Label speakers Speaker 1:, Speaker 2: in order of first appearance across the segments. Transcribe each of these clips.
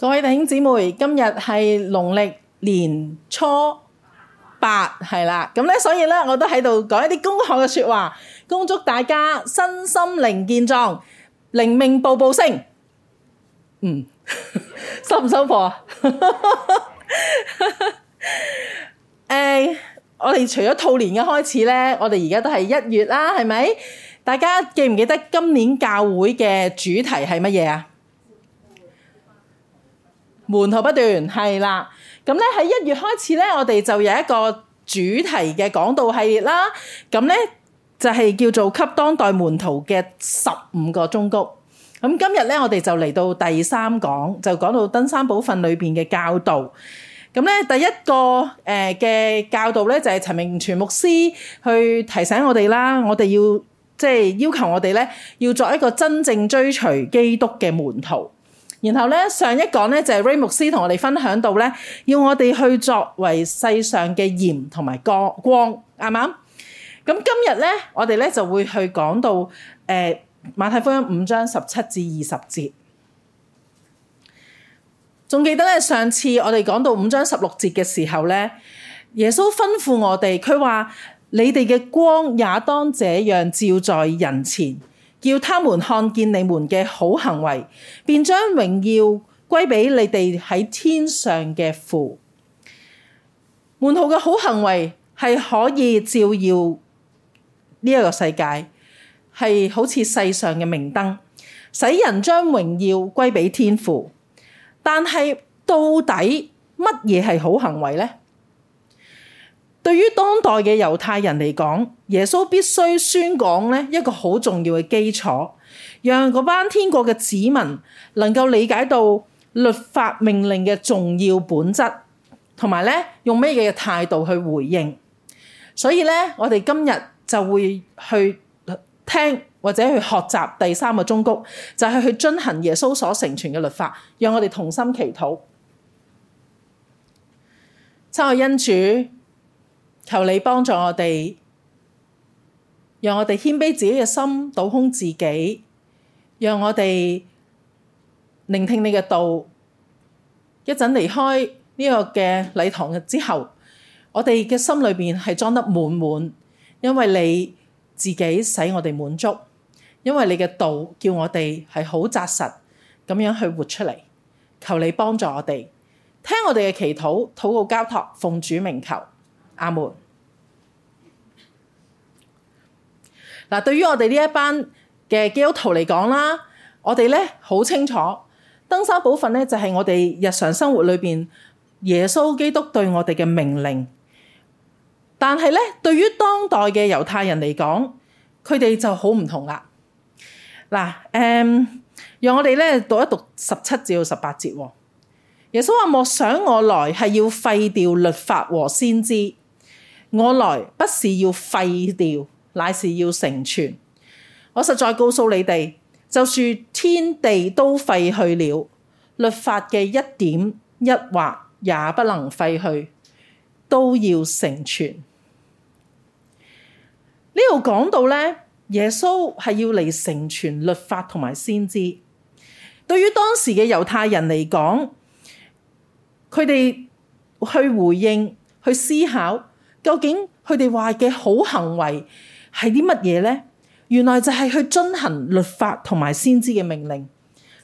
Speaker 1: 各位弟兄姊妹，今日係農曆年初八，係啦。咁呢，所以呢，我都喺度講一啲恭賀嘅說話，恭祝大家，身心靈健壯，靈命步步升。嗯，收唔收貨？呃，我哋除咗兔年嘅開始呢，我哋而家都係一月啦，係咪？大家記唔記得今年教會嘅主題係乜嘢呀？ 收不收火? 門徒不斷，係啦，咁咧喺一月開始咧，我哋就有一個主題嘅講道系列啦。咁咧就係叫做給當代門徒嘅十五個忠告」。咁今日咧，我哋就嚟到第三講，就講到登山寶訓裏邊嘅教導。咁咧第一個誒嘅教導咧，就係陳明全牧師去提醒我哋啦，我哋要即係、就是、要求我哋咧，要作一個真正追隨基督嘅門徒。然後咧，上一講咧就係、是、Ray 牧師同我哋分享到咧，要我哋去作為世上嘅鹽同埋光，光係嘛？咁今日咧，我哋咧就會去講到誒、呃、馬太福音五章十七至二十節。仲記得咧，上次我哋講到五章十六節嘅時候咧，耶穌吩咐我哋，佢話你哋嘅光也當這樣照在人前。叫他們看見你們嘅好行為，便將榮耀歸俾你哋喺天上嘅父。門徒嘅好行為，係可以照耀呢個世界，係好似世上嘅明燈，使人將榮耀歸俾天父。但係到底，乜嘢係好行為呢？對於當代嘅猶太人嚟講，耶穌必須宣講咧一個好重要嘅基礎，讓嗰班天國嘅子民能夠理解到律法命令嘅重要本質，同埋咧用咩嘢嘅態度去回應。所以咧，我哋今日就會去聽或者去學習第三個忠告，就係、是、去遵行耶穌所成全嘅律法，讓我哋同心祈禱。親愛嘅恩主。求你幫助我哋，讓我哋謙卑自己嘅心，倒空自己，讓我哋聆聽你嘅道。一陣離開呢個嘅禮堂之後，我哋嘅心裏邊係裝得滿滿，因為你自己使我哋滿足，因為你嘅道叫我哋係好紮實咁樣去活出嚟。求你幫助我哋，聽我哋嘅祈禱、禱告、交託，奉主名求，阿門。嗱，對於我哋呢一班嘅基督徒嚟講啦，我哋咧好清楚登山寶訓咧就係我哋日常生活裏邊耶穌基督對我哋嘅命令。但係咧，對於當代嘅猶太人嚟講，佢哋就好唔同啦。嗱，誒，讓我哋咧讀一讀十七至到十八節。耶穌話：莫想我來係要廢掉律法和先知，我來不是要廢掉。乃是要成全。我實在告訴你哋，就算天地都廢去了，律法嘅一點一畫也不能廢去，都要成全。呢度講到咧，耶穌係要嚟成全律法同埋先知。對於當時嘅猶太人嚟講，佢哋去回應、去思考，究竟佢哋話嘅好行為。係啲乜嘢呢？原來就係去遵行律法同埋先知嘅命令。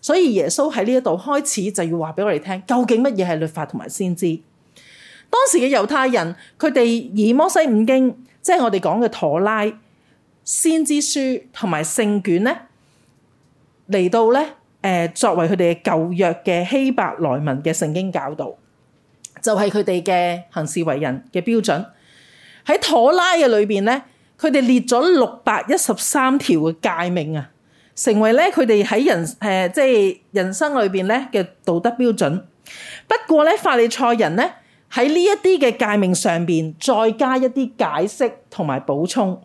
Speaker 1: 所以耶穌喺呢一度開始就要話俾我哋聽，究竟乜嘢係律法同埋先知？當時嘅猶太人佢哋以摩西五經，即係我哋講嘅妥拉、先知書同埋聖卷呢，嚟到呢誒作為佢哋嘅舊約嘅希伯來文嘅聖經教導，就係佢哋嘅行事為人嘅標準。喺妥拉嘅裏邊呢。佢哋列咗六百一十三條嘅誡命啊，成為咧佢哋喺人誒即係人生裏邊咧嘅道德標準。不過咧，法利賽人咧喺呢一啲嘅誡命上邊再加一啲解釋同埋補充，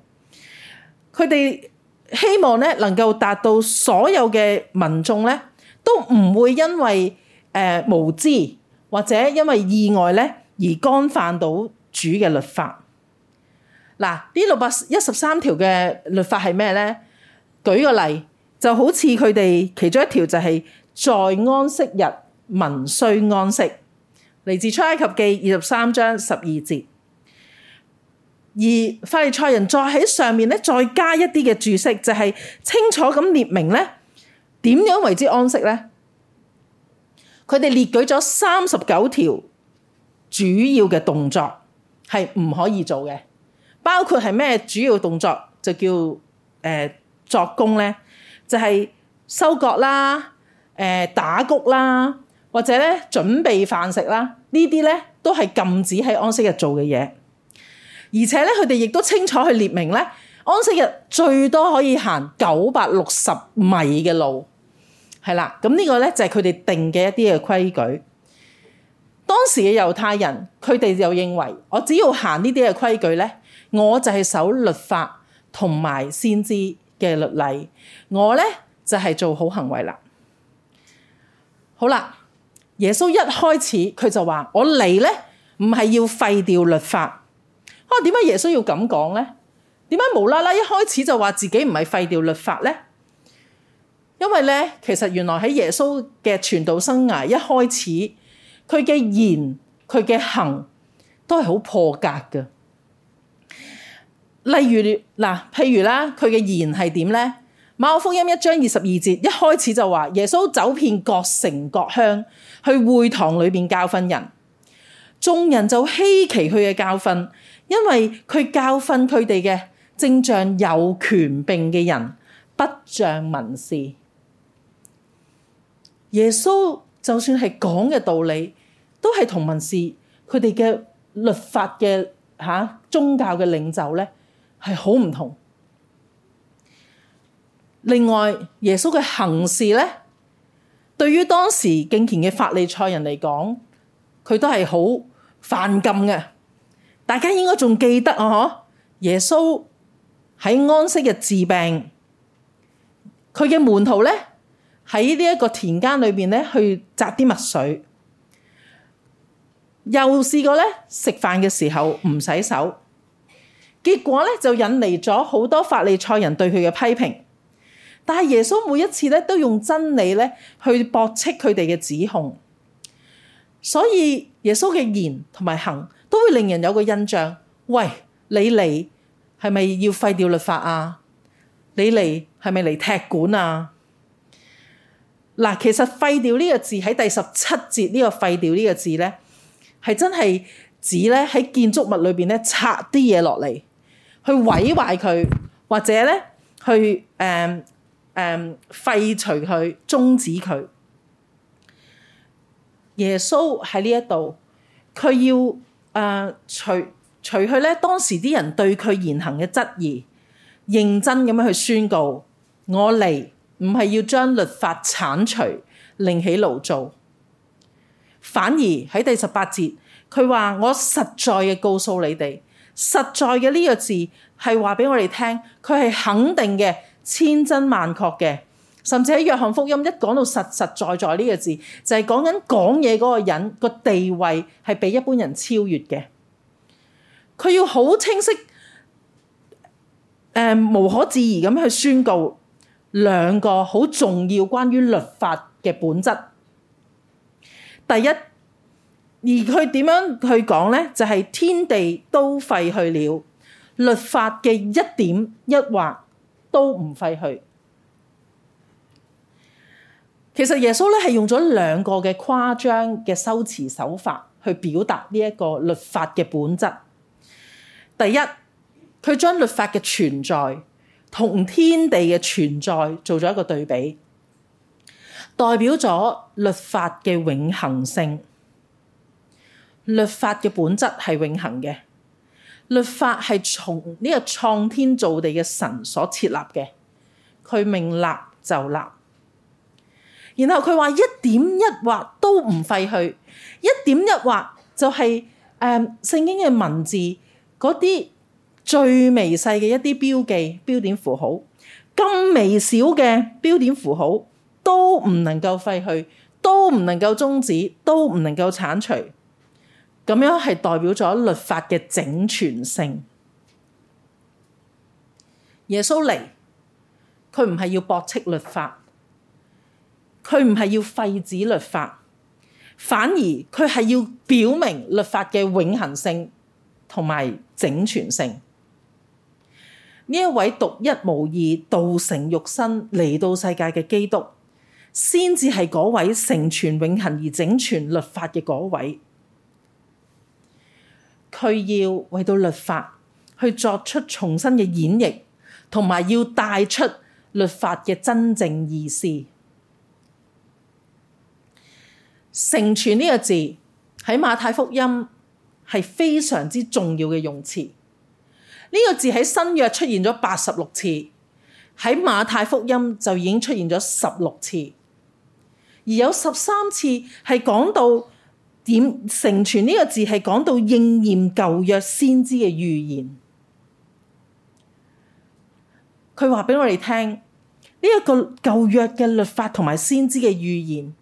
Speaker 1: 佢哋希望咧能夠達到所有嘅民眾咧都唔會因為誒無知或者因為意外咧而干犯到主嘅律法。嗱，呢六百一十三條嘅律法係咩咧？舉個例，就好似佢哋其中一條就係在安息日民需安息，嚟自出埃及記二十三章十二節。而法利賽人再喺上面咧，再加一啲嘅注釋，就係、是、清楚咁列明咧點樣為之安息咧。佢哋列舉咗三十九條主要嘅動作係唔可以做嘅。包括係咩主要動作就叫誒、呃、作工咧，就係、是、收割啦、誒、呃、打穀啦，或者咧準備飯食啦，這些呢啲咧都係禁止喺安息日做嘅嘢。而且咧，佢哋亦都清楚去列明咧，安息日最多可以行九百六十米嘅路，係啦。咁呢個咧就係佢哋定嘅一啲嘅規矩。當時嘅猶太人，佢哋就認為我只要行呢啲嘅規矩咧。我就係守律法同埋先知嘅律例，我咧就係做好行為啦。好啦，耶穌一開始佢就話：我嚟咧唔係要廢掉律法。啊，點解耶穌要咁講咧？點解無啦啦一開始就話自己唔係廢掉律法咧？因為咧，其實原來喺耶穌嘅傳道生涯一開始，佢嘅言佢嘅行都係好破格㗎。例如嗱，譬如啦，佢嘅言係點咧？馬可福音一章二十二節一開始就話，耶穌走遍各城各鄉，去會堂裏邊教訓人。眾人就稀奇佢嘅教訓，因為佢教訓佢哋嘅正像有權柄嘅人，不像文士。耶穌就算係講嘅道理，都係同文士佢哋嘅律法嘅吓、啊、宗教嘅領袖咧。係好唔同。另外，耶穌嘅行事咧，對於當時敬虔嘅法利賽人嚟講，佢都係好犯禁嘅。大家應該仲記得啊！耶穌喺安息日治病，佢嘅門徒咧喺呢一個田間裏邊咧去摘啲麥穗，又試過咧食飯嘅時候唔洗手。結果咧就引嚟咗好多法利賽人對佢嘅批評，但係耶穌每一次咧都用真理咧去駁斥佢哋嘅指控，所以耶穌嘅言同埋行都會令人有個印象：喂，你嚟係咪要廢掉律法啊？你嚟係咪嚟踢館啊？嗱，其實廢掉呢個字喺第十七節呢個廢掉呢個字咧，係真係指咧喺建築物裏邊咧拆啲嘢落嚟。去毀壞佢，或者咧去誒誒廢除佢、終止佢。耶穌喺、呃、呢一度，佢要誒除除去咧當時啲人對佢言行嘅質疑，認真咁樣去宣告：我嚟唔係要將律法鏟除、另起爐灶，反而喺第十八節，佢話：我實在嘅告訴你哋。實在嘅呢個字係話俾我哋聽，佢係肯定嘅，千真萬確嘅。甚至喺約翰福音一講到實實在在呢個字，就係講緊講嘢嗰個人個地位係比一般人超越嘅。佢要好清晰，誒、呃、無可置疑咁去宣告兩個好重要關於律法嘅本質。第一。而佢點樣去講呢？就係天地都廢去了，律法嘅一點一劃都唔廢去。其實耶穌咧係用咗兩個嘅誇張嘅修辭手法去表達呢一個律法嘅本質。第一，佢將律法嘅存在同天地嘅存在做咗一個對比，代表咗律法嘅永恆性。律法嘅本質係永恒嘅，律法係從呢個創天造地嘅神所設立嘅，佢命立就立。然後佢話一點一劃都唔廢去，一點一劃就係，嗯，聖經嘅文字，嗰啲最微細嘅一啲標記、標點符號，咁微小嘅標點符號都唔能夠廢去，都唔能夠終止，都唔能夠鏟除。咁樣係代表咗律法嘅整全性。耶穌嚟，佢唔係要駁斥律法，佢唔係要廢止律法，反而佢係要表明律法嘅永恒性同埋整全性。呢一位獨一無二、道成肉身嚟到世界嘅基督，先至係嗰位成全永恒而整全律法嘅嗰位。佢要為到律法去作出重新嘅演繹，同埋要帶出律法嘅真正意思。成全呢個字喺馬太福音係非常之重要嘅用詞。呢個字喺新約出現咗八十六次，喺馬太福音就已經出現咗十六次，而有十三次係講到。點成全呢個字係講到應驗舊約先知嘅預言，佢話俾我哋聽呢一個舊約嘅律法同埋先知嘅預言，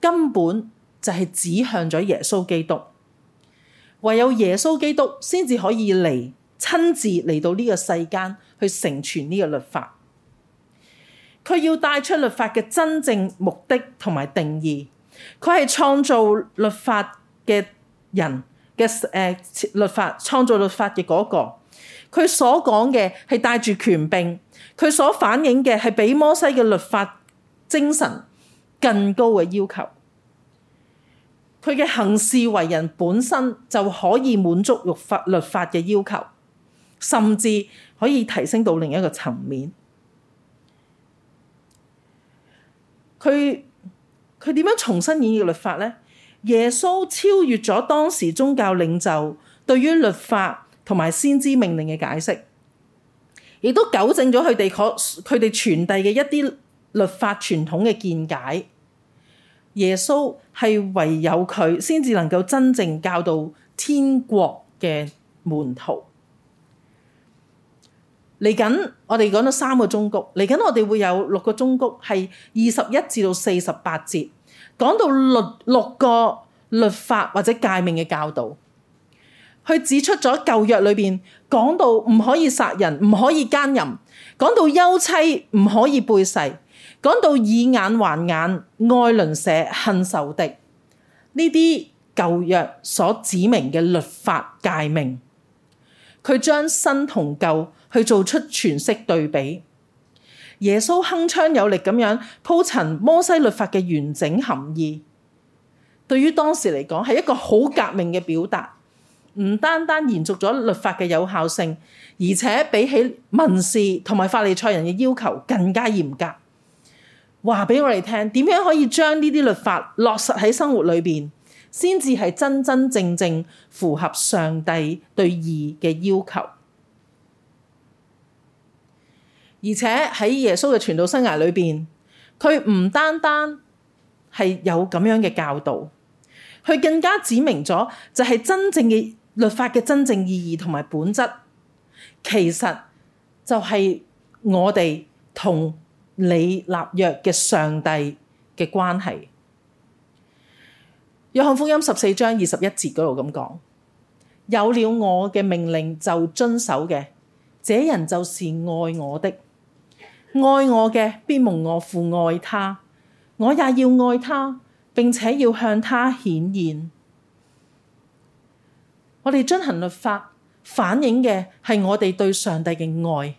Speaker 1: 根本就係指向咗耶穌基督。唯有耶穌基督先至可以嚟親自嚟到呢個世間去成全呢個律法。佢要帶出律法嘅真正目的同埋定義。佢係創造律法嘅人嘅、呃、律法創造律法嘅嗰個，佢所講嘅係帶住權柄，佢所反映嘅係比摩西嘅律法精神更高嘅要求。佢嘅行事為人本身就可以滿足律法律法嘅要求，甚至可以提升到另一個層面。佢。佢點樣重新演繹律法呢？耶穌超越咗當時宗教領袖對於律法同埋先知命令嘅解釋，亦都糾正咗佢哋佢哋傳遞嘅一啲律法傳統嘅見解。耶穌係唯有佢先至能夠真正教導天國嘅門徒。嚟緊我哋講咗三個忠告，嚟緊我哋會有六個忠告是，係二十一至到四十八節。講到律六個律法或者誡命嘅教導，佢指出咗舊約裏面講到唔可以殺人、唔可以奸淫，講到休妻唔可以背誓，講到以眼還眼、愛鄰舍恨仇敵，呢啲舊約所指明嘅律法誡命，佢將新同舊去做出詮釋對比。耶穌鏗鏘有力咁樣鋪陳摩西律法嘅完整含義，對於當時嚟講係一個好革命嘅表達。唔單單延續咗律法嘅有效性，而且比起文士同埋法利賽人嘅要求更加嚴格。話俾我哋聽，點樣可以將呢啲律法落實喺生活裏面，先至係真真正正符合上帝對義嘅要求。而且喺耶穌嘅傳道生涯裏邊，佢唔單單係有咁樣嘅教導，佢更加指明咗就係真正嘅律法嘅真正意義同埋本質，其實就係我哋同你立約嘅上帝嘅關係。約翰福音十四章二十一節嗰度咁講：有了我嘅命令就遵守嘅，這人就是愛我的。愛我嘅必蒙我父愛他，我也要愛他，並且要向他顯現。我哋遵行律法，反映嘅係我哋對上帝嘅愛。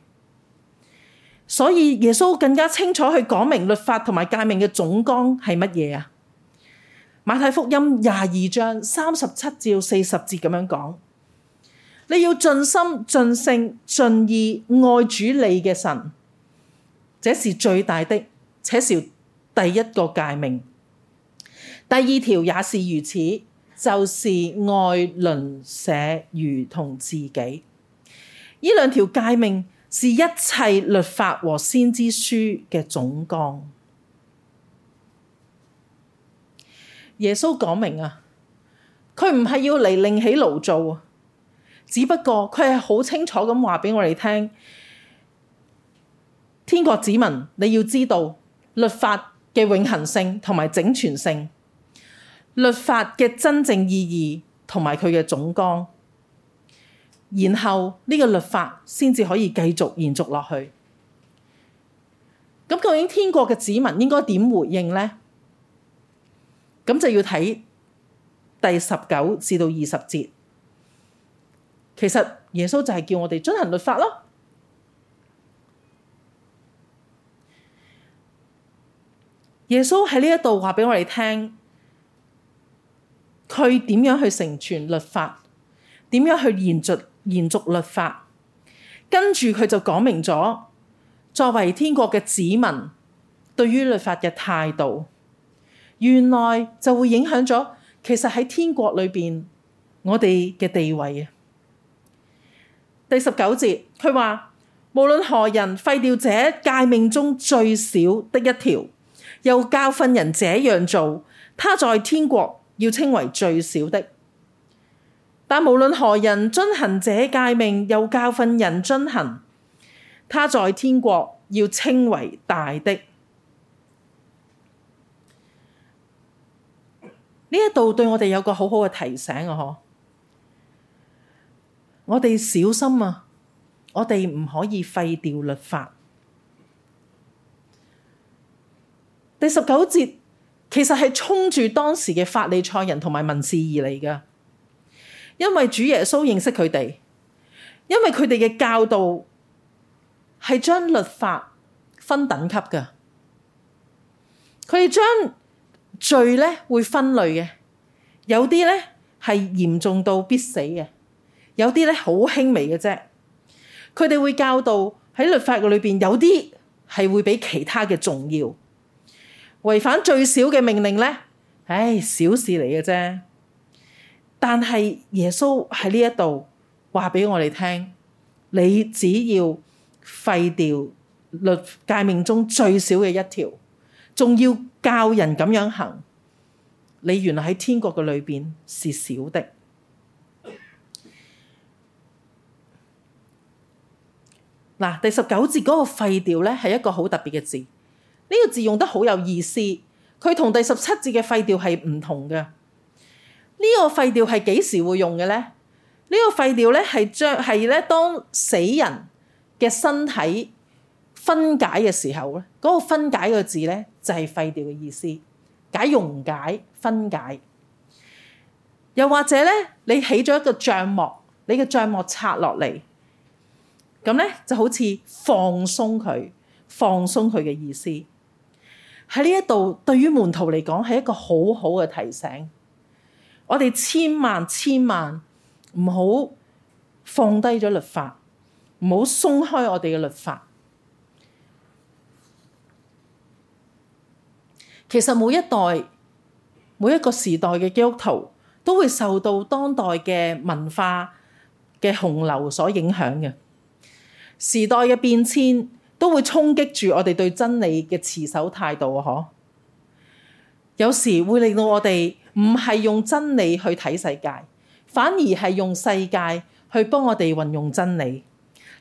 Speaker 1: 所以耶穌更加清楚去講明律法同埋誡命嘅總綱係乜嘢啊？馬太福音廿二章三十七至四十節咁樣講，你要盡心、盡性、盡意愛主你嘅神。這是最大的，且是第一個誡命。第二條也是如此，就是愛鄰舍如同自己。呢兩條誡命是一切律法和先知書嘅總綱。耶穌講明啊，佢唔係要嚟另起爐灶啊，只不過佢係好清楚咁話俾我哋聽。天國子民，你要知道律法嘅永恒性同埋整全性，律法嘅真正意義同埋佢嘅總綱，然後呢個律法先至可以繼續延續落去。咁究竟天國嘅子民應該點回應呢？咁就要睇第十九至到二十節。其實耶穌就係叫我哋遵行律法咯。耶穌喺呢一度話俾我哋聽，佢點樣去成全律法？點樣去延續延續律法？跟住佢就講明咗作為天國嘅子民對於律法嘅態度，原來就會影響咗，其實喺天國裏邊，我哋嘅地位啊。第十九節佢話，無論何人廢掉這誡命中最小的一條，又教訓人這樣做，他在天國要稱為最小的。但無論何人遵行這誡命，又教訓人遵行，他在天國要稱為大的。呢一度對我哋有個好好嘅提醒啊！嗬，我哋小心啊！我哋唔可以廢掉律法。第十九節其實係衝住當時嘅法利賽人同埋文士而嚟噶，因為主耶穌認識佢哋，因為佢哋嘅教導係將律法分等級噶，佢哋將罪咧會分類嘅，有啲咧係嚴重到必死嘅，有啲咧好輕微嘅啫，佢哋會教導喺律法嘅裏邊，有啲係會比其他嘅重要。違反最少嘅命令呢？唉，小事嚟嘅啫。但係耶穌喺呢一度話俾我哋聽：你只要廢掉律誡命中最少嘅一條，仲要教人咁樣行，你原來喺天國嘅裏邊是小的。嗱，第十九節嗰個廢掉呢，係一個好特別嘅字。呢個字用得好有意思，佢同第十七節嘅廢掉係唔同嘅。呢個廢掉係幾時會用嘅咧？呢個廢掉咧係將係咧當死人嘅身體分解嘅時候咧，嗰個分解個字咧就係廢掉嘅意思，解溶解、分解。又或者咧，你起咗一個帳幕，你嘅帳幕拆落嚟，咁咧就好似放鬆佢，放鬆佢嘅意思。喺呢一度，對於門徒嚟講係一個好好嘅提醒。我哋千萬千萬唔好放低咗律法，唔好鬆開我哋嘅律法。其實每一代、每一個時代嘅基督徒，都會受到當代嘅文化嘅洪流所影響嘅。時代嘅變遷。都會衝擊住我哋對真理嘅持守態度嗬，有時會令到我哋唔係用真理去睇世界，反而係用世界去幫我哋運用真理，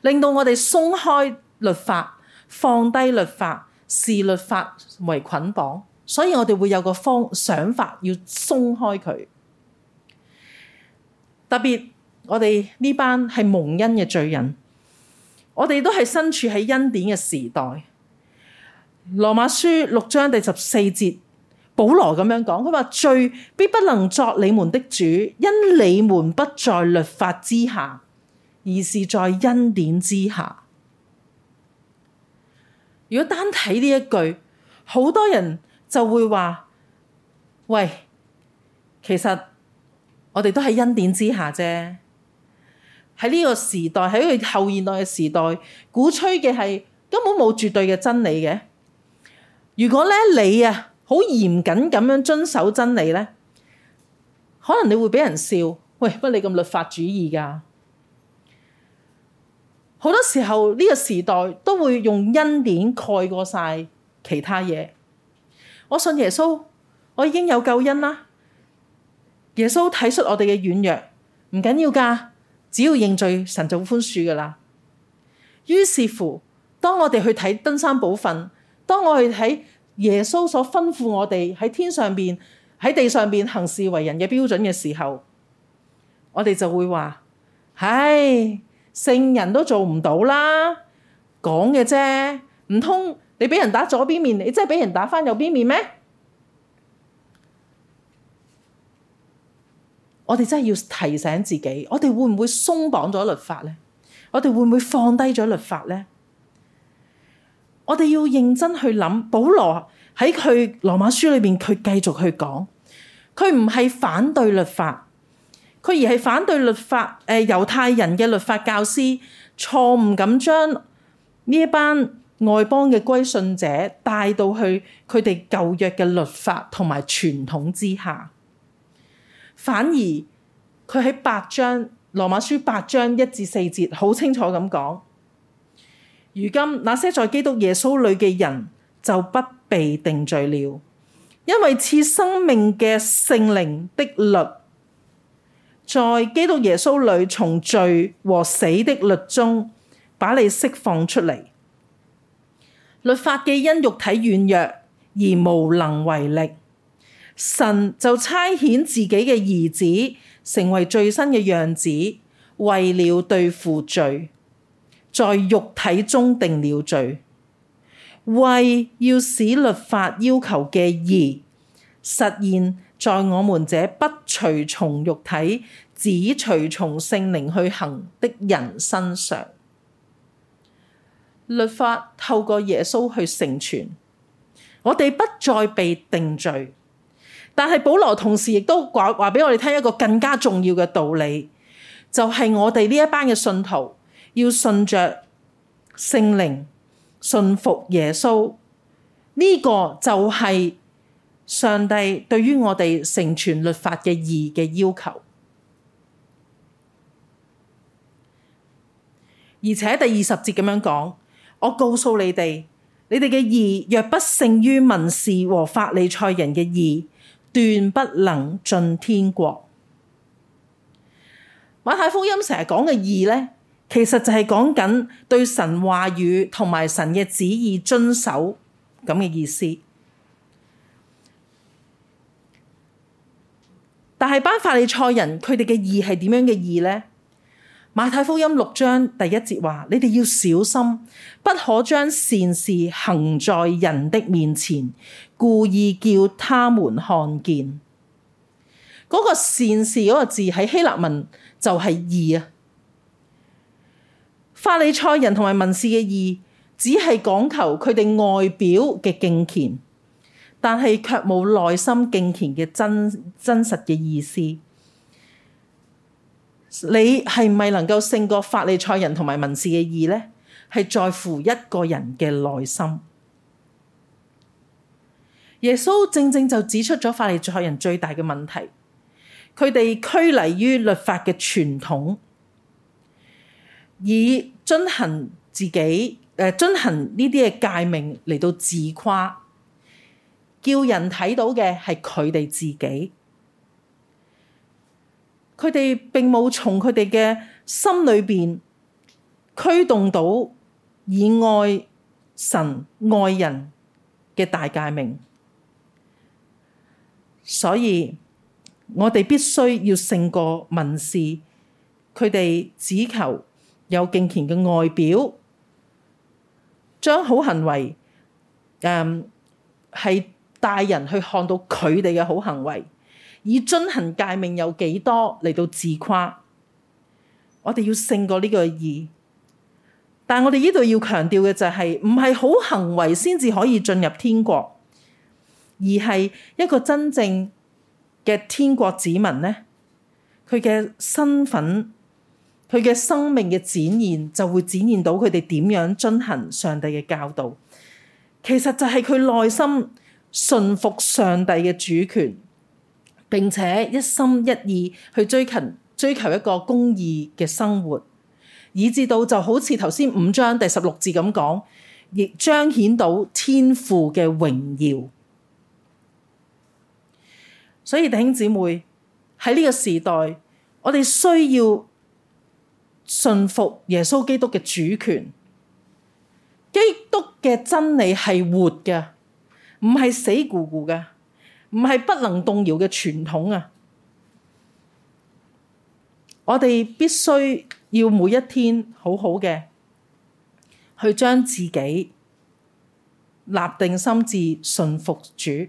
Speaker 1: 令到我哋鬆開律法，放低律法，視律法為捆綁，所以我哋會有個方想法要鬆開佢。特別我哋呢班係蒙恩嘅罪人。我哋都係身處喺恩典嘅時代，《羅馬書》六章第十四節，保羅咁樣講，佢話罪必不能作你們的主，因你們不在律法之下，而是在恩典之下。如果單睇呢一句，好多人就會話：喂，其實我哋都喺恩典之下啫。喺呢個時代，喺佢後現代嘅時代，鼓吹嘅係根本冇絕對嘅真理嘅。如果咧你啊，好嚴謹咁樣遵守真理咧，可能你會俾人笑。喂，乜你咁律法主義噶？好多時候呢個時代都會用恩典蓋過晒其他嘢。我信耶穌，我已經有救恩啦。耶穌體恤我哋嘅軟弱，唔緊要噶。只要認罪，神就寬恕噶啦。於是乎，當我哋去睇登山寶訓，當我去睇耶穌所吩咐我哋喺天上邊、喺地上邊行事為人嘅標準嘅時候，我哋就會話：唉，聖人都做唔到啦，講嘅啫。唔通你俾人打左邊面，你真係俾人打翻右邊面咩？我哋真係要提醒自己，我哋會唔會鬆綁咗律法咧？我哋會唔會放低咗律法咧？我哋要認真去諗。保羅喺佢羅馬書裏邊，佢繼續去講，佢唔係反對律法，佢而係反對律法誒，猶、呃、太人猶太人嘅律法教師錯誤咁將呢一班外邦嘅歸信者帶到去佢哋舊約嘅律法同埋傳統之下。反而佢喺八章《羅馬書》八章一至四節好清楚咁講，如今那些在基督耶穌裏嘅人就不被定罪了，因為賜生命嘅聖靈的律，在基督耶穌裏從罪和死的律中把你釋放出嚟。律法既因肉體軟弱而無能為力。神就差遣自己嘅兒子成為最新嘅樣子，為了對付罪，在肉體中定了罪，為要使律法要求嘅義實現，在我們這不隨從肉體、只隨從聖靈去行的人身上，律法透過耶穌去成全，我哋不再被定罪。但係保羅同時亦都話話俾我哋聽一個更加重要嘅道理，就係、是、我哋呢一班嘅信徒要信着聖靈，信服耶穌呢，這個就係上帝對於我哋成全律法嘅義嘅要求。而且第二十節咁樣講，我告訴你哋，你哋嘅義若不勝於文士和法利賽人嘅義，斷不能進天國。馬太福音成日講嘅義呢，其實就係講緊對神話語同埋神嘅旨意遵守咁嘅意思。但係班法利賽人佢哋嘅義係點樣嘅義呢？馬太福音六章第一節話：你哋要小心，不可將善事行在人的面前。故意叫他們看見嗰、那個善事嗰個字喺希臘文就係義啊。法利賽人同埋文士嘅義，只係講求佢哋外表嘅敬虔，但係卻冇內心敬虔嘅真真實嘅意思。你係咪能夠勝過法利賽人同埋文士嘅義呢？係在乎一個人嘅內心。耶穌正正就指出咗法利賽人最大嘅問題，佢哋拘泥於律法嘅傳統，以遵行自己誒、呃、遵行呢啲嘅誡命嚟到自誇，叫人睇到嘅係佢哋自己。佢哋並冇從佢哋嘅心裏邊驅動到以愛神愛人嘅大誡命。所以，我哋必須要勝過民事，佢哋只求有敬虔嘅外表，將好行為，誒、嗯，係帶人去看到佢哋嘅好行為，以遵行誡命有幾多嚟到自誇。我哋要勝過呢個義，但我哋呢度要強調嘅就係、是，唔係好行為先至可以進入天國。而係一個真正嘅天國子民咧，佢嘅身份、佢嘅生命嘅展現，就會展現到佢哋點樣遵行上帝嘅教導。其實就係佢內心信服上帝嘅主權，並且一心一意去追追求一個公義嘅生活，以至到就好似頭先五章第十六節咁講，亦彰顯到天父嘅榮耀。所以弟兄姊妹喺呢個時代，我哋需要順服耶穌基督嘅主權。基督嘅真理係活嘅，唔係死咕咕嘅，唔係不能動搖嘅傳統啊！我哋必須要每一天好好嘅去將自己立定心志，順服主。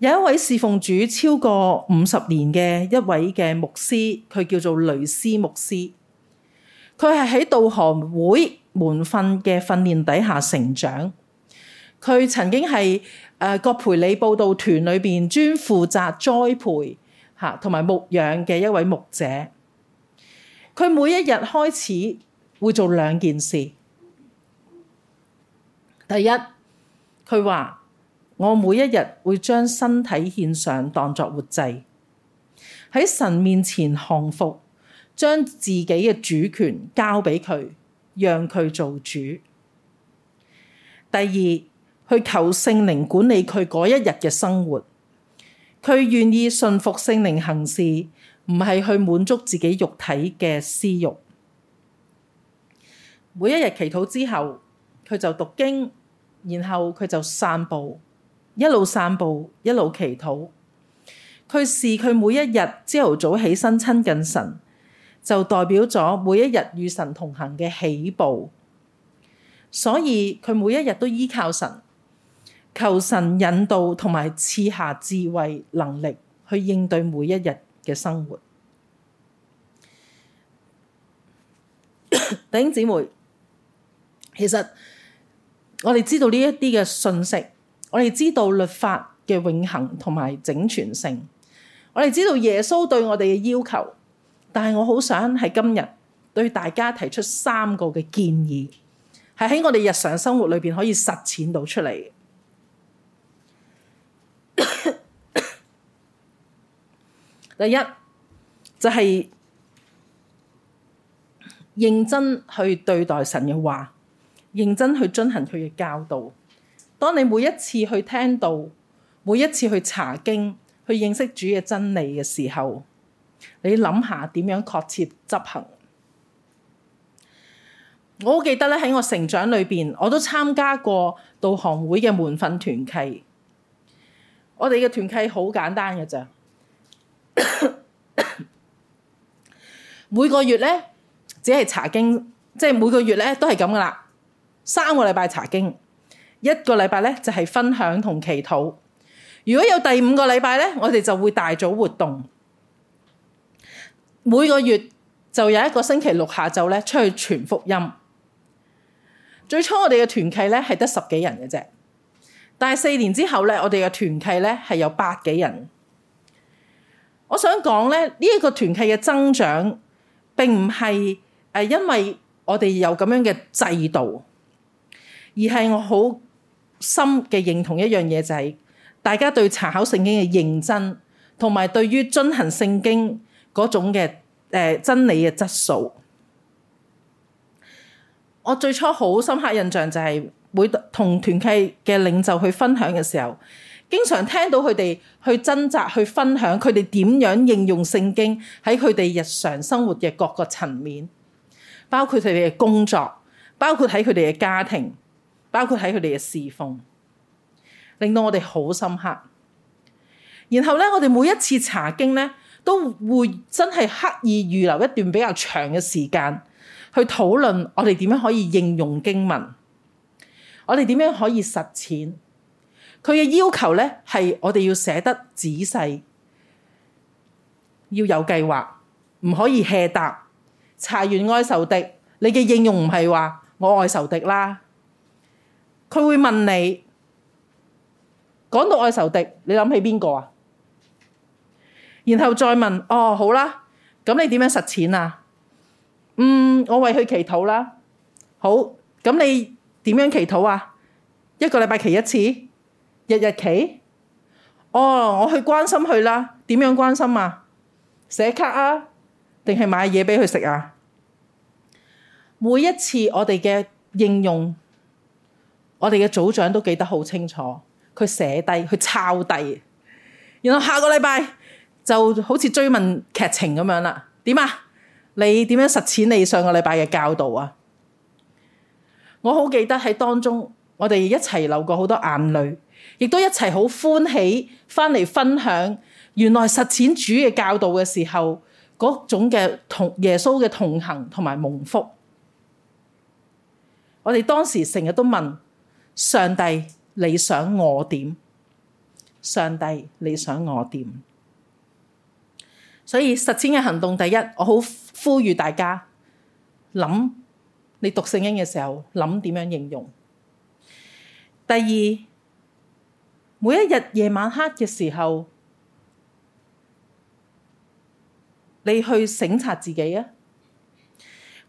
Speaker 1: 有一位侍奉主超過五十年嘅一位嘅牧師，佢叫做雷斯牧師。佢係喺導航會門訓嘅訓練底下成長。佢曾經係誒國培理報道團裏邊專負責栽培吓同埋牧養嘅一位牧者。佢每一日開始會做兩件事。第一，佢話。我每一日會將身體獻上，當作活祭，喺神面前降服，將自己嘅主權交俾佢，讓佢做主。第二，去求聖靈管理佢嗰一日嘅生活。佢願意信服聖靈行事，唔係去滿足自己肉體嘅私欲。每一日祈禱之後，佢就讀經，然後佢就散步。一路散步，一路祈禱。佢視佢每一日朝頭早起身親近神，就代表咗每一日與神同行嘅起步。所以佢每一日都依靠神，求神引導同埋賜下智慧能力去應對每一日嘅生活。 弟兄姊妹，其實我哋知道呢一啲嘅信息。我哋知道律法嘅永恆同埋整全性，我哋知道耶穌對我哋嘅要求，但係我好想喺今日對大家提出三個嘅建議，係喺我哋日常生活裏邊可以實踐到出嚟。 第一就係、是、認真去對待神嘅話，認真去遵行佢嘅教導。當你每一次去聽道，每一次去查經，去認識主嘅真理嘅時候，你諗下點樣確切執行？我好記得咧，喺我成長裏面，我都參加過導航會嘅門訓團契。我哋嘅團契好簡單㗎咋， 每個月咧只係查經，即係每個月咧都係咁噶啦，三個禮拜查經。一個禮拜咧就係分享同祈禱。如果有第五個禮拜咧，我哋就會大組活動。每個月就有一個星期六下晝咧出去傳福音。最初我哋嘅團契咧係得十幾人嘅啫，但係四年之後咧，我哋嘅團契咧係有百幾人。我想講咧，呢一個團契嘅增長，並唔係誒因為我哋有咁樣嘅制度，而係我好。深嘅認同一樣嘢，就係大家對查考聖經嘅認真，同埋對於遵行聖經嗰種嘅誒、呃、真理嘅質素。我最初好深刻印象就係每同團契嘅領袖去分享嘅時候，經常聽到佢哋去掙扎去分享佢哋點樣應用聖經喺佢哋日常生活嘅各個層面，包括佢哋嘅工作，包括喺佢哋嘅家庭。包括喺佢哋嘅侍奉，令到我哋好深刻。然後咧，我哋每一次查經咧，都會真係刻意預留一段比較長嘅時間去討論我哋點樣可以應用經文，我哋點樣可以實踐。佢嘅要求咧，係我哋要寫得仔細，要有計劃，唔可以懈怠。查完愛仇敵，你嘅應用唔係話我愛仇敵啦。佢會問你，講到愛仇敵，你諗起邊個啊？然後再問，哦，好啦，咁你點樣實踐啊？嗯，我為佢祈禱啦。好，咁你點樣祈禱啊？一個禮拜祈一次，日日祈。哦，我去關心佢啦。點樣關心啊？寫卡啊？定係買嘢俾佢食啊？每一次我哋嘅應用。我哋嘅組長都記得好清楚，佢寫低，佢抄低，然後下個禮拜就好似追問劇情咁樣啦。點啊？你點樣實踐你上，上個禮拜嘅教導啊？我好記得喺當中，我哋一齊流過好多眼淚，亦都一齊好歡喜翻嚟分享。原享，原來實踐主嘅教導嘅時候，嗰種嘅同耶穌嘅同行同埋蒙福。我哋當時成日都問。上帝你想我點？上帝你想我點？所以實踐嘅行動，第一，我好呼籲大家諗，你讀聖經嘅時候諗點樣應用。第二，每一日夜晚黑嘅時候，你去省察自己啊！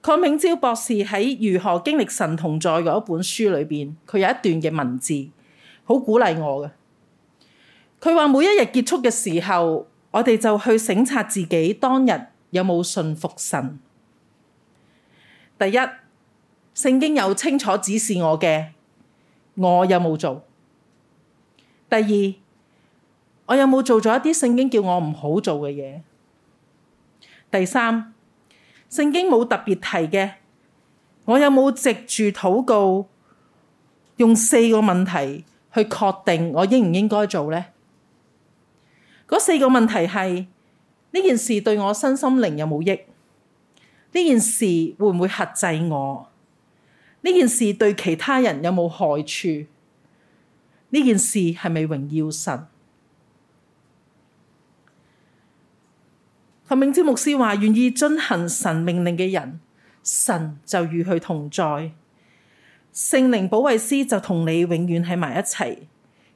Speaker 1: 鄺明釗博士喺如何經歷神同在嗰一本書裏邊，佢有一段嘅文字，好鼓勵我嘅。佢話每一日結束嘅時候，我哋就去省察自己當日有冇信服神。第一，聖經有清楚指示我嘅，我有冇做？第二，我有冇做咗一啲聖經叫我唔好做嘅嘢？第三？聖經冇特別提嘅，我有冇藉住禱告用四個問題去確定我應唔應該做呢？嗰四個問題係：呢件事對我身心靈有冇益？呢件事會唔會轄制我？呢件事對其他人有冇害處？呢件事係咪榮耀神？求明知牧師話：願意遵行神命令嘅人，神就與佢同在。聖靈保惠師就同你永遠喺埋一齊，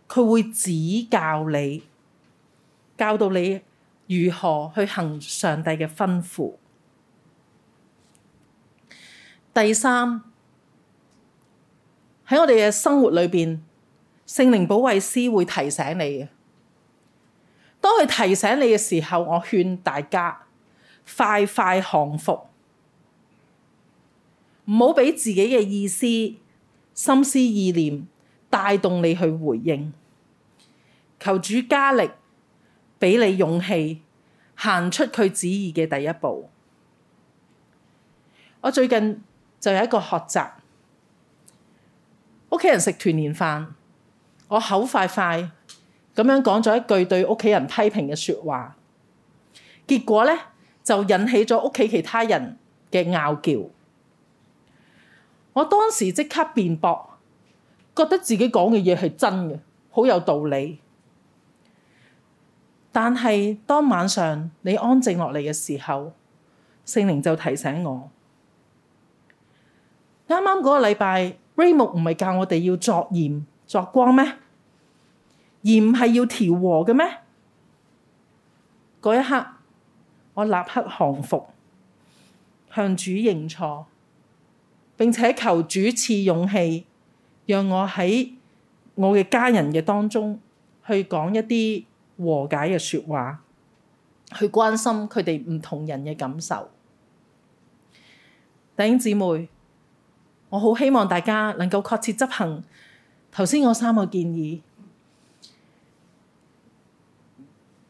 Speaker 1: 佢會指教你，教導你如何去行上帝嘅吩咐。第三，喺我哋嘅生活裏邊，聖靈保惠師會提醒你當佢提醒你嘅時候，我勸大家快快降服，唔好俾自己嘅意思、心思、意念帶動你去回應。求主加力，俾你勇氣，行出佢旨意嘅第一步。我最近就有一個學習，屋企人食團年飯，我口快快。咁樣講咗一句對屋企人批評嘅說話，結果呢就引起咗屋企其他人嘅拗撬。我當時即刻辯駁，覺得自己講嘅嘢係真嘅，好有道理。但係當晚上你安靜落嚟嘅時候，聖靈就提醒我：啱啱嗰個禮拜，Raymond 唔係教我哋要作鹽作光咩？而唔係要調和嘅咩？嗰一刻，我立刻降服，向主認錯，並且求主賜勇氣，讓我喺我嘅家人嘅當中，去講一啲和解嘅說話，去關心佢哋唔同人嘅感受。弟兄姊妹，我好希望大家能夠確切執行頭先我三個建議。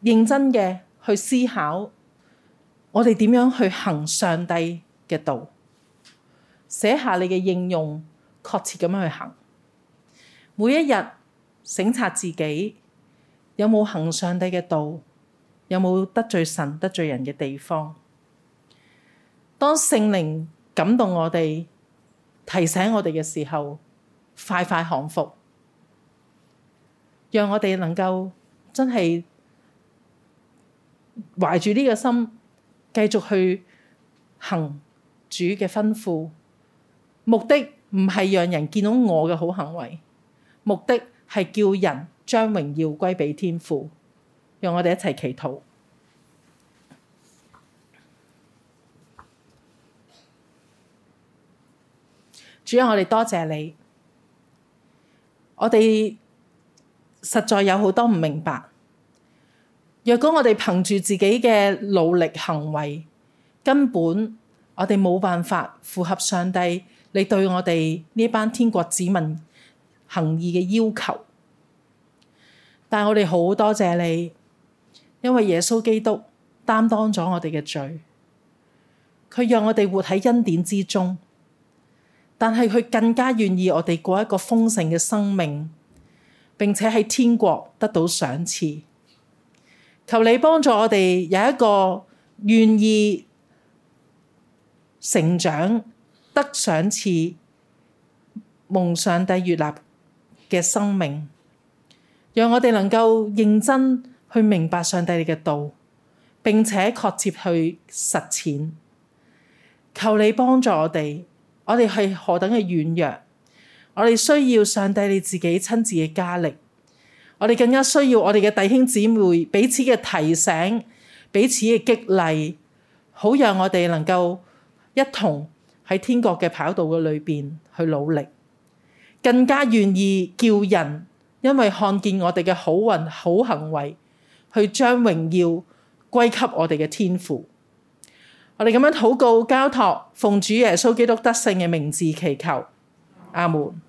Speaker 1: 認真嘅去思考，我哋點樣去行上帝嘅道？寫下你嘅應用，確切咁樣去行。每一日省察自己，有冇行上帝嘅道？有冇得罪神、得罪人嘅地方？當聖靈感動我哋，提醒我哋嘅時候，快快降服，讓我哋能夠真係。懷住呢個心，繼續去行主嘅吩咐，目的唔係讓人見到我嘅好行為，目的係叫人將榮耀歸畀天父。讓我哋一齊祈禱。主啊，我哋多謝，謝你，我哋實在有好多唔明白。若果我哋憑住自己嘅努力行為，根本我哋冇辦法符合上帝你對我哋呢班天國子民行義嘅要求。但我哋好多謝你，因為耶穌基督擔當咗我哋嘅罪，佢讓我哋活喺恩典之中。但係佢更加願意我哋過一個豐盛嘅生命，並且喺天國得到賞賜。求你幫助我哋有一個願意成長、得賞賜、蒙上帝悅納嘅生命，讓我哋能夠認真去明白上帝你嘅道，並且確切去實踐。求你幫助我哋，我哋係何等嘅軟弱，我哋需要上帝你自己親自嘅加力。我哋更加需要我哋嘅弟兄姊妹彼此嘅提醒、彼此嘅激勵，好讓我哋能夠一同喺天國嘅跑道嘅裏邊去努力，更加願意叫人因為看見我哋嘅好運、好行為，去將榮耀歸給我哋嘅天父。我哋咁樣禱告、交託，奉主耶穌基督得勝嘅名字祈求，阿門。